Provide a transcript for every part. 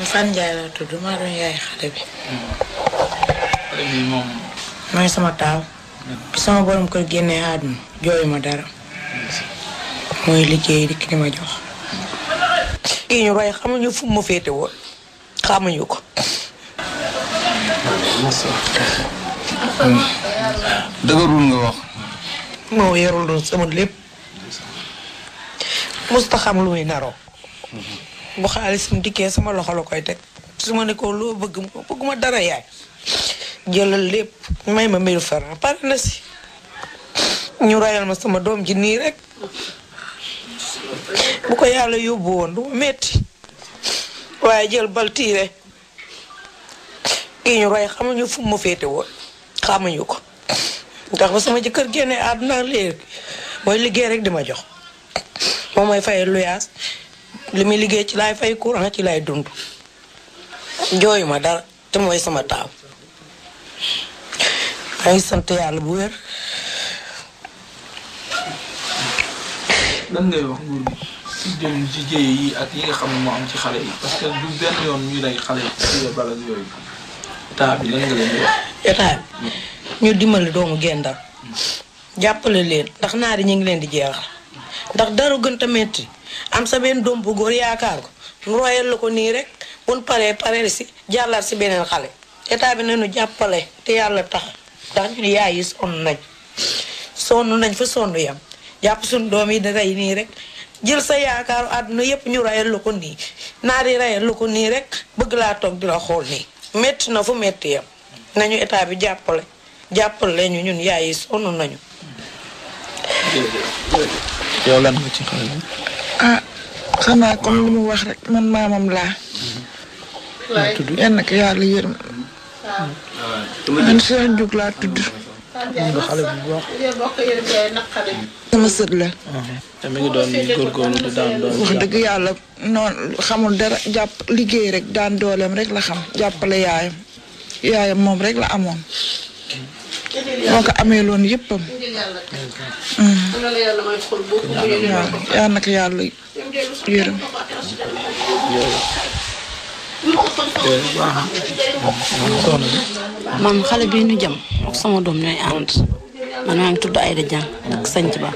man Sane Ndiaye laa tudd maa doon yaay xale bi. mooy sama taaw. sama borom kër génnee àdduna jooyu ma dara. mooy liggéey dikk di ma jox. kii ñu rey xamuñu fu mu féete woon xamuñu ko. dëgërul nga wax. moo yorul sama lépp. musta xam naroo. bu xaalis mu dikkee sama loxo la koy teg su ma ne ko loo bëgg bëgguma dara yaay jëlal lépp may ma mille francs pare na si ñu royal ma sama doom ji nii rek bu ko yàlla yóbbu woon du metti waaye jël bal tiire kii ñu ray xamuñu fu ma féete woon xamuñu ko ndax ba sama jëkkër génnee àdduna léegi mooy liggéey rek di ma jox moom mooy fayal luyaas limi muy ci lay fay courant ci lay dund joy ma dara te moy sama taw ay sante yalla bu wer lan ngay wax nguur gi si jëm ci jéye yi ak yi nga xam mo am ci xalé yi parce que du ben yoon ñu lay xalé ci balal yoy ta bi lan nga leen wax eta ñu dimbal doomu gendal jappale leen ndax naari ñi ngi leen di jeex ndax daru gën ta metti am sa benn doom bu góor yaakaar ko nu royal la ko nii rek bun paree paree si jàllaat si beneen xale état bi nañu jàppale te yàlla tax ndax ñun yaay yi sonn nañ sonn nañ fa sonn yam jàpp suñu doom yi di nii rek jël sa yaakaar àdduna yépp ñu rayal la ko nii naar yi rayal la ko nii rek bëgg laa toog di la xool nii métti na fu métti yam nañu état bi jàppale jàppale ñu ñun yaay yi sonn nañu ci ah xanaa comme li mu wax rek man maamam laa. laa yàlla yërëm. man Cheikh Ndiouk laa tudd. bu baax. sama sët la. ngi doon góorgóorlu di wax dëgg yàlla noonu xamul dara jàpp liggéey rek daan dooleem rek la xam jàppale yaayam yaayam moom rek la amoon. moo ko amee loon yëppam. waaw mm. xale bii ñu jam ak sama doom ñooy ànd man maa tudd Ayda Diagne ak sanc ba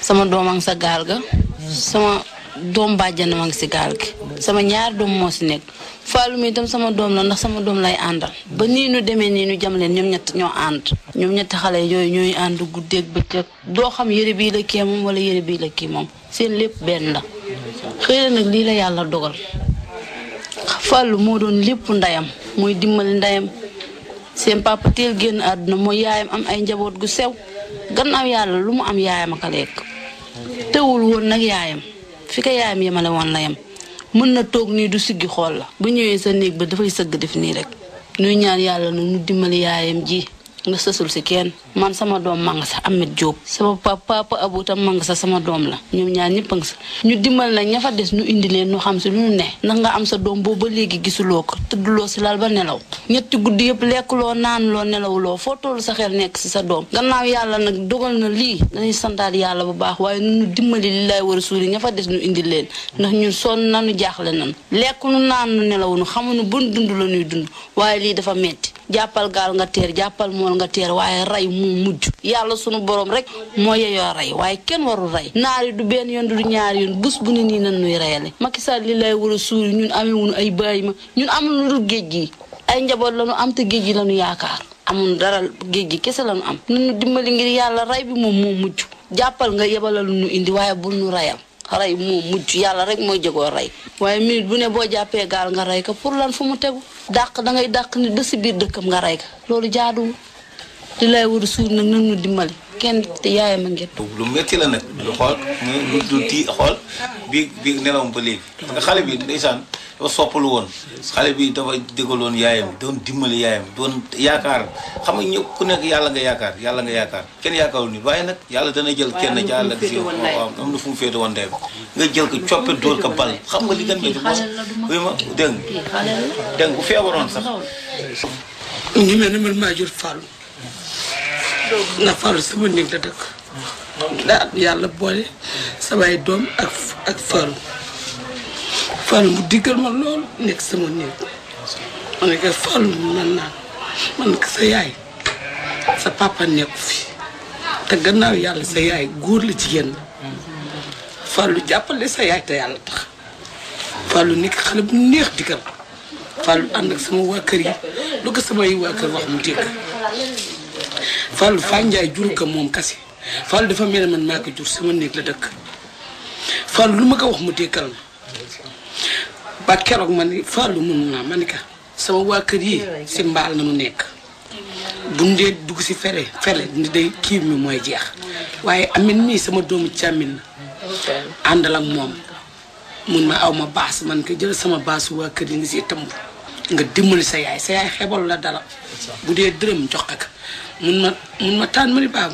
sama doom ak sa gaal ga sama. doom bàjjan maa ngi si gaal gi sama ñaar doom moo ci nekk faalu muy tam sama doom la ndax sama doom lay àndal ba nii nu demee nii nu jam ñoom ñett ñoo ànd ñoom ñetti xale yooyu ñooy ànd guddeeg bëccëg doo xam yére bii la kii moom wala yére bii la kii moom seen lépp benn la xëy na nag lii la yàlla dogal faalu moo doon lépp ndeyam mooy dimbali ndeyam seen papa génn àdduna mooy yaayam am ay njaboot gu sew gannaaw yàlla lu mu am yaayam a lekk tewul woon nag yaayam fi ko yaayam yemale woon la yem mën na toog nii du siggi xool la bu ñëwee sa néeg ba dafay sëgg def nii rek nuy ñaan yàlla nu nu dimbali yaayam ji nga sësul si kenn man sama doom ma nga sa Amet Diop sama papa papa Abou tam ma nga sa sama doom la ñoom ñaar ñëpp a nga sa ñu dimbal nag ña fa des ñu indi leen ñu xam si lu ñu ne ndax nga am sa doom boobu ba léegi gisuloo ko tëdduloo si lal ba nelaw ñetti guddi yëpp lekkuloo naanuloo nelawuloo foo toll sa xel nekk si sa doom gannaaw yàlla nag dogal na lii dañuy santaat yàlla bu baax waaye nu dimbali li lay war a suuri des ñu indi leen ndax ñun sonn nanu jaaxle nanu lekk nu naan nu nelawunu xamuñu bun dund la ñuy dund waaye lii dafa metti jàppal gaal nga teer jàppal mool nga teer waaye rey mu mujj yàlla sunu borom rek moo yeyoo rey waaye kenn warul rey naar du benn yoon du ñaari yoon bus bu ne nii nan nuy reyale Macky Sall li lay war a suuri ñun amewunu ay bàyyi ma ñun amul lu dul géej gi ay njaboot la lañu am te géej gi lañu yaakaar amul dara géej gi kese la lañu am nunu dimbali ngir yàlla rey bi moom moo mujj jàppal nga yebalal nu indi waaye bul nu reyal rey moo mujj yàlla rek mooy jegoo rey waaye minute bu ne boo jàppee gaal nga rey ko pour lan fu mu tegu dàq dangay dàq ni de si biir dëkkam nga rey ko di lay war a suur nag nañu dimbali kenn te yaayam a ngeen. lu métti la nag lu xool lu du xool bii bii nelawam ba léegi. parce que xale bi ndeysaan dafa soppalu woon xale bi dafa dégaloon yaayam doon dimbali yaayam doon yaakaar xam nga ñëpp ku nekk yàlla nga yaakaar yàlla nga yaakaar kenn yaakaarul ni waaye nag yàlla dana jël kenn jaarale ak si waaw am na fu mu féete woon ndeyam nga jël ko coppe dóor ko bal xam nga li gën métti mos oui ma dégg nga dégg nga bu feebaroon sax. ndax Fallou sama néeg la dëkk daa yàlla boole samay doom ak ak Fallou Fallou mu diggal ma loolu nekk sama néeg ma ne ko Fallou mu man ko sa yaay sa papa nekk fi te gannaaw yàlla sa yaay góor la jigéen la Fallou jàppale sa yaay te yàlla tax Fallou nekk xale bu neex diggal Fallou ànd ak sama waa kër yi lu ko samay waa kër wax mu dégg Fallou Fanjaay juru ko moom kase Fallou dafa mel man maak jur sama néeg la dëkk Fallou lu ma ko wax mu dékkal ma ba keroog ma ni Fallou mun naa ma sama waa kër yi si mbaal na mu nekk bu dee dugg si fere fere ni day kii mi mooy jeex waaye amin mii sama doomu càmmin na àndal moom mun ma aw ma baas man ka jël sama baasu waa kër yi ngi si tëmb nga dimbali sa yaay sa yaay xebal la dara. bu dee dërëm jox ak mun ma mun ma tànn ma ni baax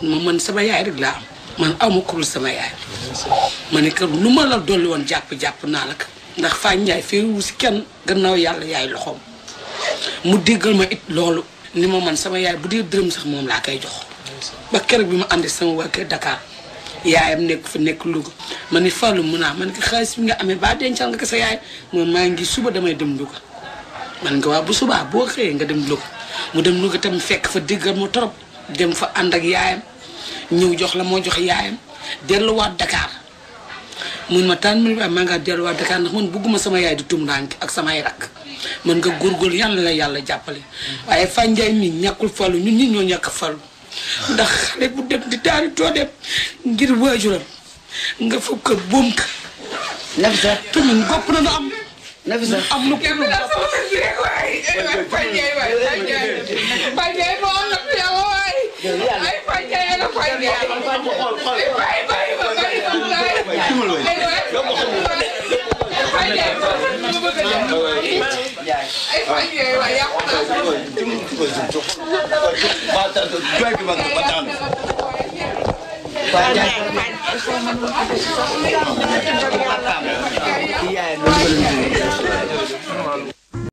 mun man sama yaay rek am man aw ma sama yaay. ne kër lu ma la dolli jàpp jàpp naa la ndax Faye Ndiaye si kenn gannaaw yàlla yaay loxoom mu déggal ma it loolu ni ma man sama yaay bu dee dërëm sax moom laa koy jox. ba bi ma àndi sama waa kër Dakar yaayam nekk fa nekk Louga ma ne Fallou mun naa ma ne xaalis bi nga amee baa dencal nga ko sa yaay moom maa ngi suba damay dem Louga. man nga waa bu subaa boo xëyee nga dem lu mu dem lu tam fekk fa diggal mu torop dem fa ànd ak yaayam ñëw jox la moo jox yaayam delluwaat Dakar mu ma tan mu maa delluwaat Dakar ndax man bugguma sama yaay di tumuraanke ak samay rak man nga gurgul yàlla la yàlla jàppale waaye fànjaay mi ñàkkul falu ñun ñi ñoo ñàkk falu ndax xale bu dem di taari too dem ngir waajuram nga foog bumk ka. gopp na am. Nafisa am na problème dafa ay fajjay waay fajjay fajjay moo am na fi yow waay ay fajjay la fajjay bay bay ba bay ba bay ay fajjay waay